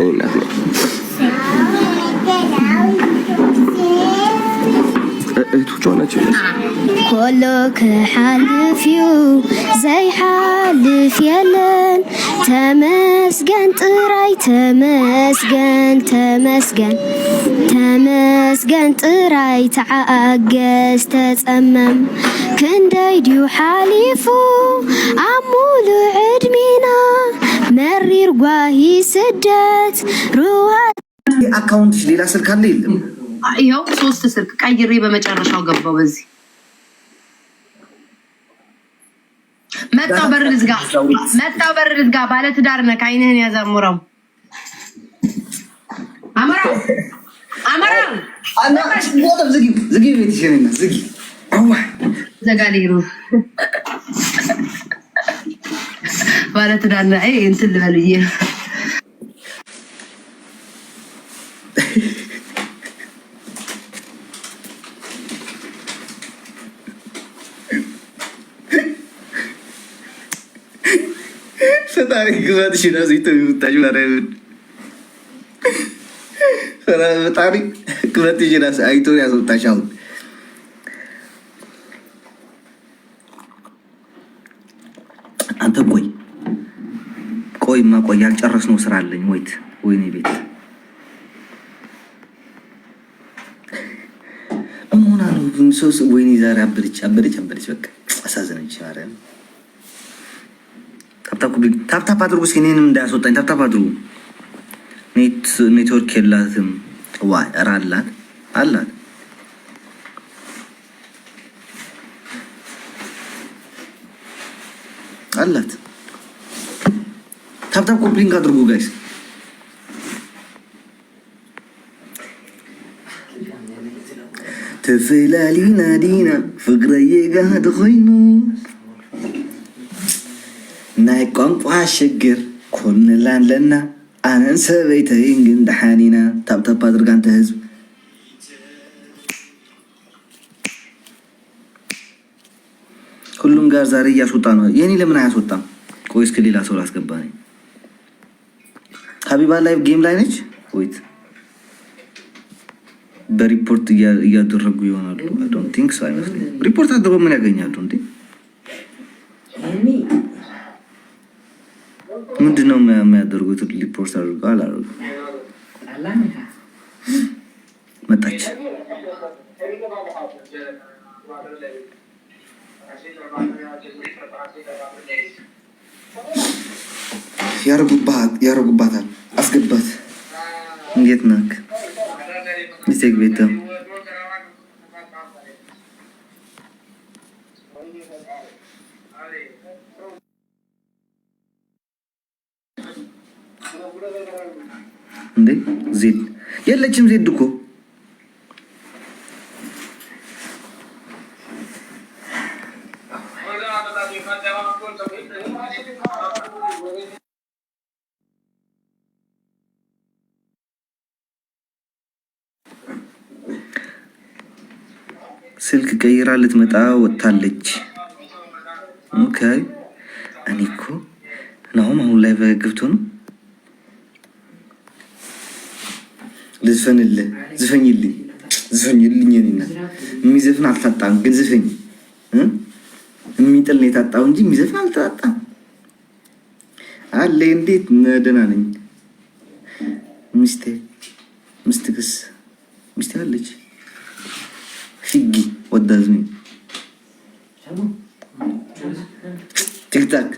ኮሎ ክሓልፍዩ ዘይሓልፍ የለን ተመስገን ጥራይ ተመስገን ተመስገን ተመስገን ጥራይ ተዓገዝ ተጸመም ክንደይ ድዩ ሓሊፉ ኣብ ሙሉዕ ዕድሜና ዋይ ስደት ሩዋት አካውንትሽ ሌላ ስልክ አለ የለም? ይኸው ሶስት ስልክ ቀይሬ በመጨረሻው ገባው። በዚህ መጣው በር ልዝጋ፣ መጣው በር ልዝጋ። ባለትዳር ነህ፣ አይንህን ያዝ። አሞራው አሞራው ዝጊ ዝጊ፣ ቤትሽን ዝጊ ዘጋ ሌሩ ባለ ትዳር አይ እንትን ልበል ብዬ ፈጣሪ ግዛትሽ እራሱ የምታሽ ማርያምን ፈጣሪ ግዛትሽ እራሱ አይቶ ያስወጣሽ። አሁን አንተ ቆይ ቆይ ማቆይ ያልጨረስ ነው ስራ አለኝ። ወይት ወይኔ ቤት መሆና ነው ሶስ ወይኔ ዛሬ አበደች አበደች አበደች። በቃ አሳዘነች። ማርያም ታፕታፕ አድርጉ እስኪ እኔንም እንዳያስወጣኝ ታፕታፕ አድርጉ። ኔትወርክ የላትም ዋይ ኧረ አላት አላት አላት ታፕታፕ ኮፕሊንግ አድርጉ ጋይስ። ትፍላሊና ዲና ፍቅረዬ ጋድ ኮይኑ ናይ ቋንቋ ሽግር ኮንላን ለና ኣነን ሰበይተይን ግን ድሓኒና ታፕታፕ አድርጋ እንተ ህዝብ ሁሉም ጋር ዛሬ እያስወጣ ነው። የኔ ለምን አያስወጣም? ቆይ እስከ ሌላ ሰው ላስገባ ነኝ። ሀቢባ ላይ ጌም ላይ ነች። ወይት በሪፖርት እያደረጉ ይሆናሉ። ዶን ቲንክ ሰው አይመስለኝም። ሪፖርት አድርጎ ምን ያገኛሉ እንዴ? ምንድን ነው የሚያደርጉት? ሪፖርት አድርጎ አላደርጉ መጣች ያረጉባታል። አስገባት። እንዴት ናክ? ይሴግ ቤተ እንዴ ዜድ የለችም። ዜድ እኮ ስልክ ቀይራ ልትመጣ ወጥታለች። ኦኬ እኔ እኮ ናሁም አሁን ላይ በግብቶ ነው። ልዝፈንልህ፣ ዝፈኝልኝ፣ ዝፈኝልኝ የሚዘፍን አልታጣም፣ ግን ዝፈኝ የሚጥል ነው የታጣው እንጂ የሚዘፍን አልተጣጣም አለ። እንዴት ደህና ነኝ። ሚስቴ ምስትክስ ሚስቴ አለች። ፊጊ ወዳዝሚ ቲክታክ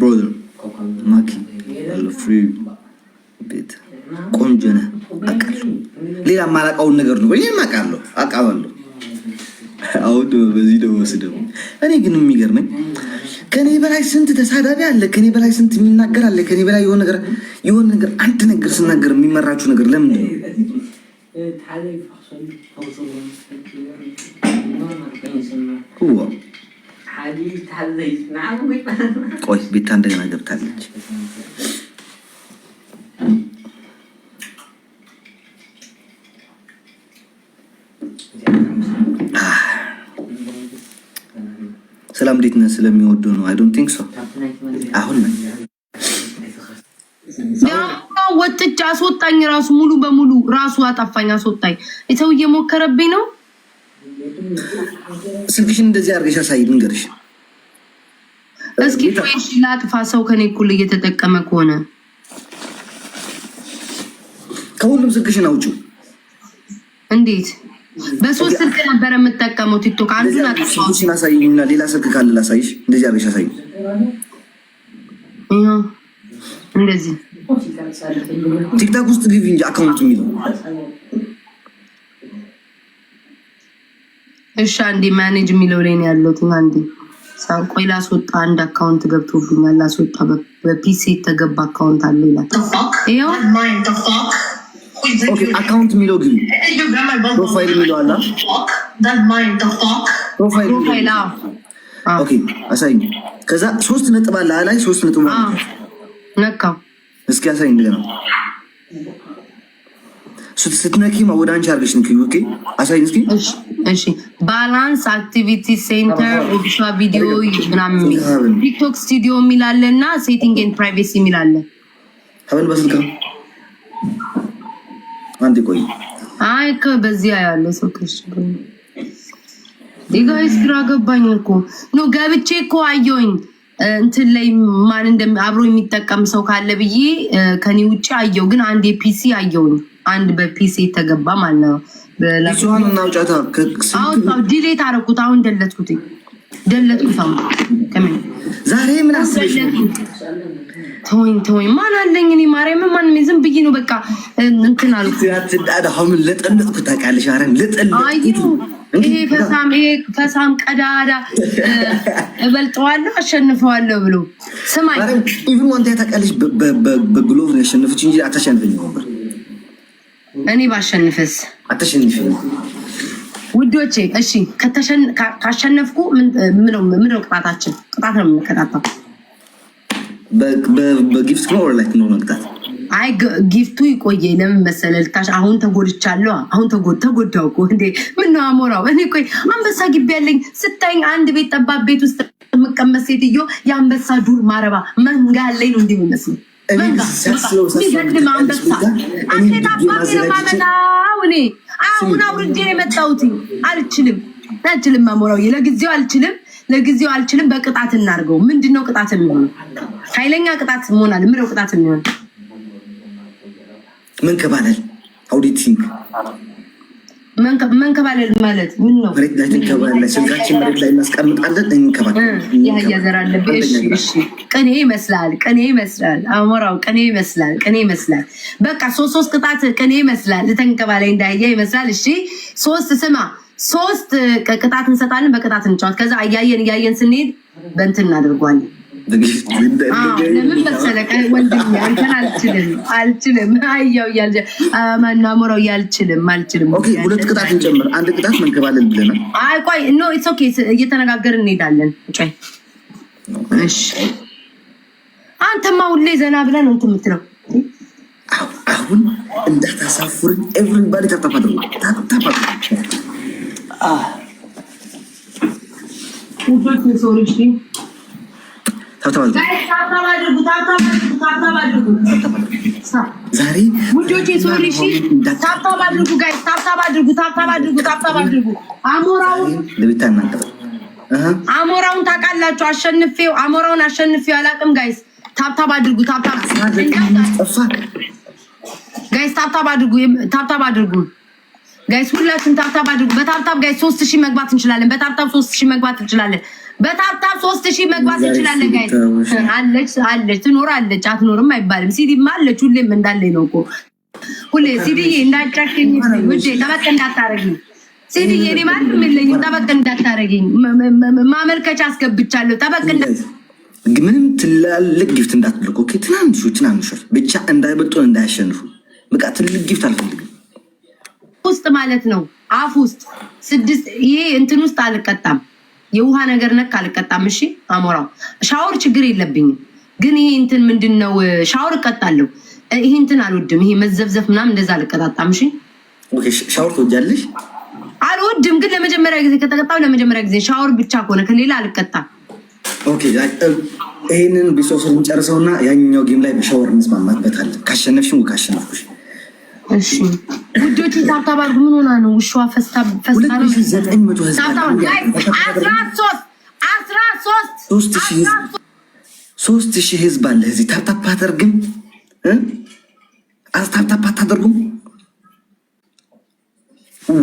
ብሮደር ማኪ ፍሪ ቤት ቆንጆ ነህ። አውቃለሁ። ሌላ የማላውቀውን ነገር ነው። ይህም አውቃለሁ አውቃለሁ አሁን በዚህ ነው ወስደው። እኔ ግን የሚገርመኝ ከኔ በላይ ስንት ተሳዳቢ አለ፣ ከኔ በላይ ስንት የሚናገር አለ፣ ከኔ በላይ የሆነ ነገር የሆነ ነገር አንድ ነገር ስናገር የሚመራችሁ ነገር ለምን ነው? ቆይ ቤታ እንደገና ገብታለች። ሰላም እንዴት ነህ? ስለሚወዱ ነው። አይ ዶንት ቲንክ ሶ። አሁን ወጥቼ አስወጣኝ። ራሱ ሙሉ በሙሉ ራሱ አጠፋኝ፣ አስወጣኝ። ሰው እየሞከረብኝ ነው። ስልክሽን እንደዚህ አድርገሽ አሳይ፣ ልንገርሽ እስኪ። ላጥፋ። ሰው ከኔ እኩል እየተጠቀመ ከሆነ ከሁሉም ስልክሽን አውጪው። እንዴት በሶስት ስልክ ነበረ የምጠቀመው ቲክቶክ። አንዱን ናሳይኝና ሌላ ስልክ ካለ ላሳይሽ። እንደዚህ አርገሽ አሳይ። እንደዚህ ቲክታክ ውስጥ ግቢ እንጂ አካውንት የሚለው እሺ። አንዴ ማኔጅ የሚለው ላይ ነው ያለሁት። አንዴ ቆይ ላስወጣ። አንድ አካውንት ገብቶብኛል። ላስወጣ። በፒሲ የተገባ አካውንት አለ ይላል። ይኸው አካውንት የሚለው ግቢ ፕሮፋይል የሚለዋል ፕሮፋይል አሳይ። ከዛ ሶስት ነጥብ አለ ላይ ሶስት ነጥብ ነካው። እስኪ አሳይ እንደገና ስትነኪ ወደ አንቺ አድርገሽ ንኪ። ኦኬ አሳይን እስኪ። እሺ ባላንስ አክቲቪቲ ሴንተር ኦብሻ ቪዲዮ ምናምን ቲክቶክ ስቱዲዮ የሚል አለ እና ሴቲንግ ኤንድ ፕራይቬሲ የሚል አለ። በስልክ አንድ ቆይ አይ በዚያ ያለ ሰው ጋይስ ግራ ገባኝ እኮ ኖ ገብቼ እኮ አየሁኝ እንትን ላይ ማን እንደ አብሮ የሚጠቀም ሰው ካለ ብዬ ከኔ ውጭ አየው። ግን አንድ የፒሲ አየውኝ አንድ በፒሲ የተገባ ማለት ነው። ሱን እናውጫታ ዲሌት አረኩት። አሁን ደለትኩት ደለትኩት። አሁን ዛሬ ምን አስበሽ ተወኝ ተወኝ፣ ማን አለኝ እኔ ማርያም፣ ማንም ዝም ብዬ ነው በቃ እንትን አልኩ። አሁን ልጠልጥኩ አረ ማርያምን ይሄ ፈሳም ይሄ ፈሳም ቀዳዳ እበልጠዋለሁ አሸንፈዋለሁ ብሎ ስማኝ፣ ኢቭን ወንታ ታውቃለሽ፣ በግሎቭ ነው ያሸነፈች እንጂ አታሸንፈኝ ነበር። እኔ ባሸንፍስ አታሸንፍ ውዶቼ። እሺ ካሸነፍኩ ምነው ምነው ቅጣታችን? ቅጣት ነው የምንከታተው በጊፍት ነው ኦንላይን ነው መቅጣት። አይ ጊፍቱ ይቆየ። ለምን መሰለ ልታሽ አሁን ተጎድቻለሁ። አሁን ተጎዳው እኮ እንዴ! ምነው አሞራው እኔ ቆይ አንበሳ ግቢ ያለኝ ስታኝ አንድ ቤት ጠባብ ቤት ውስጥ የምቀመስ ሴትዮ የአንበሳ ዱር ማረባ መንጋ ያለኝ ነው እንዲህ የሚመስለው ሚገድም አንበሳ አንዴት አባቢ ለማመጣው እኔ አሁን አውርጄ የመጣሁት አልችልም፣ አልችልም አልችልም ለጊዜው አልችልም፣ ለጊዜው አልችልም። በቅጣት እናድርገው። ምንድነው ቅጣት የሚሆነው? ኃይለኛ ቅጣት መሆናል። ምሬው ቅጣት የሚሆን መንከባለል አውዲቲንግ መንከባለል ማለት ምን ነው? መሬት ላይ ስልካችን መሬት ላይ እናስቀምጣለን፣ እንከባለን። ቅኔ ይመስላል፣ ቅኔ ይመስላል፣ አሞራው ቅኔ ይመስላል፣ ቅኔ ይመስላል። በቃ ሶስት ሶስት ቅጣት ቅኔ ይመስላል፣ ልተንከባለ ይመስላል። እሺ ሶስት ስማ፣ ሶስት ቅጣት እንሰጣለን፣ በቅጣት እንጫወት። ከዛ እያየን እያየን ስንሄድ በእንትን እናደርጓለን ለምን መሰለህ ወንድሜ አንተን አልችልም አልችልም አያው እያል ማነው አሞራው እያልችልም አልችልም። ሁለት ቅጣት እንጨምር፣ አንድ ቅጣት መንከባለል ብለናል። አይ ቆይ ኖ ኢትስ ኦኬ፣ እየተነጋገርን እንሄዳለን። ቆይ እሺ፣ አንተማ ሁሌ ዘና ብለን እንትን የምትለው አሁን እንዳታሳፍርን። ኤቭሪባዲ ታታፋ ታታፋ አ ሁለት ሰዎች ዛሬ ውዶቼ ሶሪ እሺ፣ ታብታብ አድርጉ ጋይስ፣ ታብታብ አድርጉ፣ ታብታብ አድርጉ፣ ታብታብ አድርጉ። አሞራውን አሞራውን ታውቃላችሁ፣ አሸንፌው አሞራውን አሸንፌው አላውቅም። ጋይስ ታብታብ አድርጉ፣ ታብታብ ጋይስ፣ ታብታብ አድርጉ፣ ታብታብ አድርጉ ጋይስ፣ ሁላችሁም ታብታብ አድርጉ። በታብታብ ጋይስ ሶስት ሺህ መግባት እንችላለን። በታብታብ ሶስት ሺህ መግባት እንችላለን። በታብታብ ሶስት ሺህ መግባት እንችላለን። ጋይስ አለች አለች ትኖራለች አትኖርም አይባልም። ሲዲማ አለች ሁሌም እንዳለ ነው እኮ ሁሌ ሲዲዬ እንዳጫሽኝ ውዴ ጠበቅ እንዳታረጊ ሲዲዬ እኔ ማንም የለኝም። ጠበቅ እንዳታረጊኝ ማመልከቻ አስገብቻለሁ። ጠበቅ ምንም ትላልቅ ጊፍት እንዳትልቁ። ትናንሹ ትናንሾች ብቻ እንዳይበጡ እንዳያሸንፉ። በቃ ትልቅ ጊፍት አልፈልግም። ውስጥ ማለት ነው አፍ ውስጥ ስድስት ይሄ እንትን ውስጥ አልቀጣም የውሃ ነገር ነክ አልቀጣም። እሺ አሞራው ሻወር ችግር የለብኝም፣ ግን ይሄ እንትን ምንድን ነው ሻወር እቀጣለሁ። ይሄ እንትን አልወድም። ይሄ መዘብዘፍ ምናምን እንደዛ አልቀጣጣም። እሺ ሻወር ትወጃለሽ? አልወድም፣ ግን ለመጀመሪያ ጊዜ ከተቀጣሁ ለመጀመሪያ ጊዜ ሻወር ብቻ ከሆነ ከሌላ አልቀጣም። ይህንን ቢሶ ስር ያኛው ጌም ላይ በሻወር እንስማማበታለን። ካሸነፍሽ ካሸነፍኩሽ እሺ ውዶቹ ታብታብ አድርጉ። ምን ሆና ነው ውሻዋ? ፈስታ ፈስታ ነው። ሶስት ሺህ ህዝብ አለ እዚህ። ታብታብ አታደርግም? ታብታብ አታደርጉም? ዋ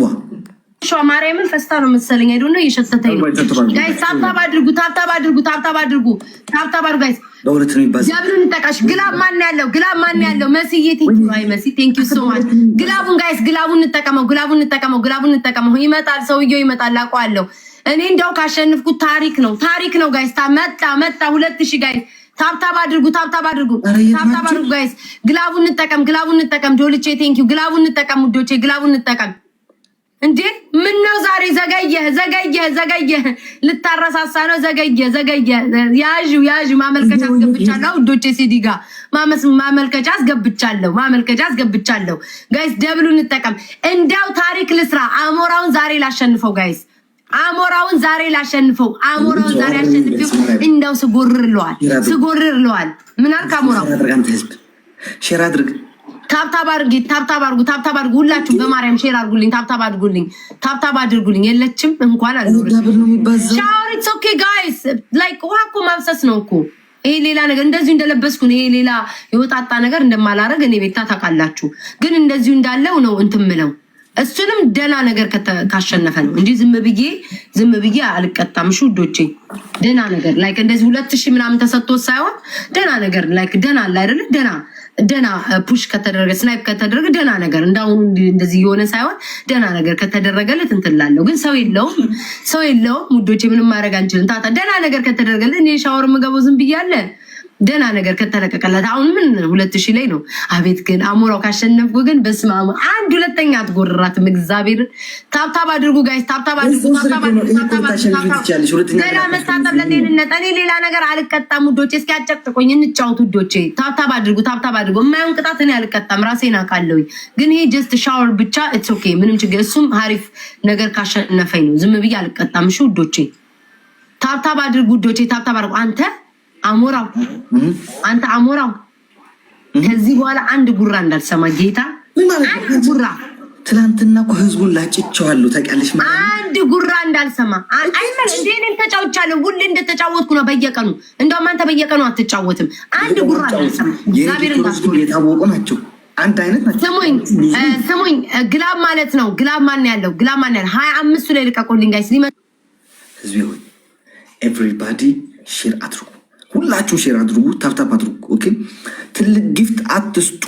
ማርያምን ፈስታ ነው መሰለኝ። አይዶ ነው እየሸተተኝ ነው። ጋይስ ታብታብ አድርጉ፣ ታብታብ አድርጉ፣ ታብታብ አድርጉ፣ ታብታብ አድርጉ ጋይስ። በእውነት ነው ይባል ጃብሉን እንጠቃሽ። ግላብ ማን ያለው? ግላብ ማን ያለው? መስዬ ቴንኪ አይ መሲ ቴንኪ ሶ ማች። ግላቡን ጋይስ፣ ግላቡን እንጠቀመው፣ ግላቡን እንጠቀመው፣ ግላቡን እንጠቀመው። ይመጣል፣ ሰውየው ይመጣል፣ አውቀዋለሁ እኔ። እንደው ካሸንፍኩት ታሪክ ነው፣ ታሪክ ነው ጋይስ። መጣ መጣ፣ ሁለት ሺህ ጋይስ ታብታብ አድርጉ ታብታብ አድርጉ ታብታብ አድርጉ ጋይስ። ግላቡን እንጠቀም፣ ግላቡን እንጠቀም። ዶልቼ ቴንኪ ግላቡን እንጠቀም፣ ዶቼ ግላቡን እንጠቀም እንዴ ምን ነው ዛሬ ዘገየ ዘገየ ዘገየ ልታረሳሳ ነው ዘገየ ዘገየ ያዥ ያዥ ማመልከቻ አስገብቻለሁ ዶቼ ሲዲጋ ማመስ ማመልከቻ አስገብቻለሁ ማመልከቻ አስገብቻለሁ ጋይስ ደብሉ እንጠቀም እንዳው ታሪክ ልስራ አሞራውን ዛሬ ላሸንፈው ጋይስ አሞራውን ዛሬ ላሸንፈው አሞራውን ዛሬ አሸንፈው እንዳው ስጎርር ለዋል ምን አልክ አሞራው ሼር አድርግ ታብታብ አድርጊ፣ ታብታብ አድርጉ፣ ታብታብ አድርጉ። ሁላችሁ በማርያም ሼር አድርጉልኝ፣ ታብታብ አድርጉልኝ፣ ታብታብ አድርጉልኝ። የለችም እንኳን ሻወር ኢትስ ኦኬ ጋይስ፣ ላይክ ውሃ እኮ ማፍሰስ ነው እኮ ይሄ ሌላ ነገር። እንደዚሁ እንደለበስኩ ይሄ ሌላ የወጣጣ ነገር እንደማላረግ እኔ ቤታ ታውቃላችሁ። ግን እንደዚሁ እንዳለው ነው እንትምለው እሱንም ደና ነገር ካሸነፈ ነው እንጂ ዝም ብዬ ዝም ብዬ አልቀጣም። እሺ ውዶቼ፣ ደና ነገር ላይክ እንደዚህ ሁለት ሺህ ምናምን ተሰጥቶ ሳይሆን ደና ነገር ላይክ ደህና አለ አይደለ? ደና ደና ፑሽ ከተደረገ ስናይፕ ከተደረገ ደና ነገር እንዳሁኑ እንደዚህ የሆነ ሳይሆን ደና ነገር ከተደረገለት እንትን እላለሁ። ግን ሰው የለውም ሰው የለውም ውዶቼ፣ ምንም ማድረግ አንችልም። ታታ ደና ነገር ከተደረገለት እኔ ሻወር ምገበው ዝም ብዬ ደህና ነገር ከተለቀቀላት አሁን ምን ሁለት ሺህ ላይ ነው። አቤት ግን አሞራው ካሸነፍኩ ግን በስመ አብ አንድ ሁለተኛ አትጎርራትም። እግዚአብሔር ታብታብ አድርጉ ጋይስ፣ ታብታብ አድርጉ። ገና መታጠብ ለጤንነት። እኔ ሌላ ነገር አልቀጣም ውዶቼ፣ እስኪ አጨቅጥቆኝ እንጫወት ውዶቼ። ታብታብ አድርጉ፣ ታብታብ አድርጉ። የማየውን ቅጣት እኔ አልቀጣም፣ ራሴን አውቃለሁ። ግን ይሄ ጀስት ሻወር ብቻ ኢትስ ኦኬ፣ ምንም ችግር እሱም አሪፍ ነገር ካሸነፈኝ ነው። ዝም ብዬ አልቀጣም። እሺ ውዶቼ፣ ታብታብ አድርጉ ውዶቼ፣ ታብታብ አድርጉ አንተ አሞራው አንተ አሞራው ከዚህ በኋላ አንድ ጉራ እንዳልሰማ ጌታ አንድ ጉራ ትላንትና እኮ ህዝቡን ላጭቸዋለሁ። ታውቂያለሽ አንድ ጉራ እንዳልሰማ አይመን ተጫውቻለሁ። ሁሌ እንደተጫወትኩ ነው በየቀኑ እንደውም አንተ በየቀኑ አትጫወትም። አንድ ጉራ እንዳልሰማ የታወቁ ናቸው። አንድ አይነት ናቸው። ስሙኝ ስሙኝ፣ ግላብ ማለት ነው። ግላብ ማን ያለው ግላብ ማን ያለው ሀያ አምስቱ ላይ ልቀቁልኝ ጋይስ። ሊመ ህዝብ ሆይ ኤቭሪባዲ ሼር አድርጉ ሁላችሁ ሼር አድርጉ፣ ታፕታፕ አድርጉ። ኦኬ ትልቅ ጊፍት አትስጡ።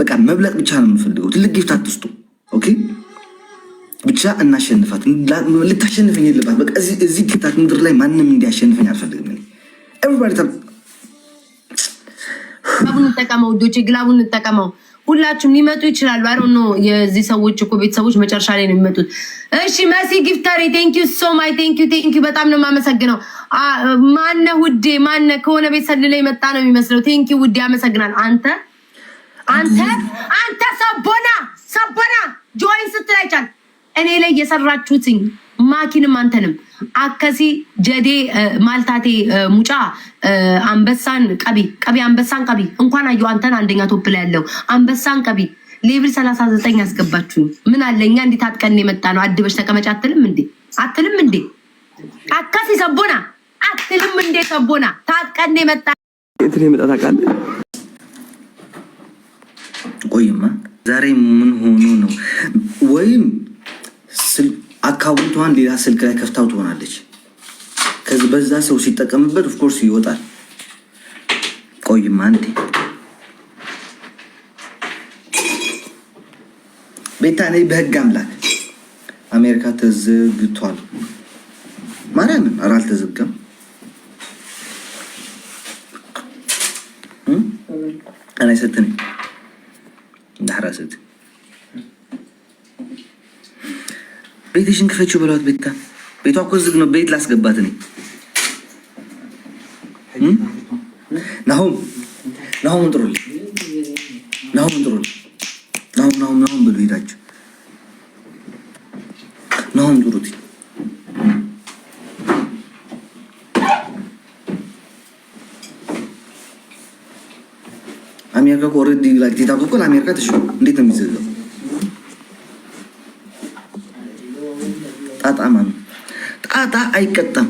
በቃ መብለጥ ብቻ ነው የምፈልገው። ትልቅ ጊፍት አትስጡ። ኦኬ ብቻ እናሸንፋት። ልታሸንፈኝ የለባት። በቃ እዚህ ጌታት ምድር ላይ ማንም እንዲያሸንፈኝ አልፈልግም። ግላቡን እንጠቀመው፣ ዶቼ ግላቡን እንጠቀመው። ሁላችሁም ሊመጡ ይችላሉ። አይ ኖ የዚህ ሰዎች እኮ ቤተሰቦች መጨረሻ ላይ ነው የሚመጡት። እሺ መሲ ጊፍተሪ ቴንክ ዩ ሶ ማይ ቴንክ ዩ ቴንክ ዩ በጣም ነው የማመሰግነው። ማነ ውዴ ማነ ከሆነ ቤት ሰል ላይ መጣ ነው የሚመስለው። ቴንክ ዩ ውዴ አመሰግናል። አንተ አንተ አንተ ሰቦና ሰቦና ጆይን ስትላይቻል እኔ ላይ የሰራችሁትኝ ማኪንም አንተንም አከሲ ጀዴ ማልታቴ ሙጫ አንበሳን ቀቢ ቀቢ አንበሳን ቀቢ እንኳን አየሁ አንተን አንደኛ ቶፕ ላይ ያለው አንበሳን ቀቢ ሌብል ሰላሳ ዘጠኝ አስገባችሁኝ። ምን አለኛ እንዴት አጥቀን የመጣ ነው አድበሽ ተቀመጭ አትልም እንዴ አትልም እንዴ አካሲ ሰቦና አትልም እንዴ ሰቦና ታጥቀን የመጣ እንትን የመጣ ታውቃለህ። ቆይማ ዛሬ ምን ሆኖ ነው ወይም ስልክ አካውንቷን ሌላ ስልክ ላይ ከፍታው ትሆናለች። ከዚህ በዛ ሰው ሲጠቀምበት ኦፍኮርስ ይወጣል። ቆይማ እንዴ ቤታ ነይ። በህግ አምላክ አሜሪካ ተዘግቷል። ማርያምን ኧረ አልተዘጋም። እኔ ስትኔ ዳህራ ስትኔ ቤትሽን ክፈችው ብለዋት ቤታ ቤቷ እኮ ዝግ ነው። ቤት ላስገባት እኔ ናሁም ናሁም ጥሩልኝ፣ ናሁም ጥሩልኝ፣ ናሁም ናሁም ናሁም ብሉ ሄዳችሁ ናሁም ጥሩት። አሜሪካ እኮ ኦልሬዲ ላይክ ቲክታክ እኮ ለአሜሪካ ተሽሎ እንዴት ነው የሚዘጋው? ጣጣ አይቀጣም።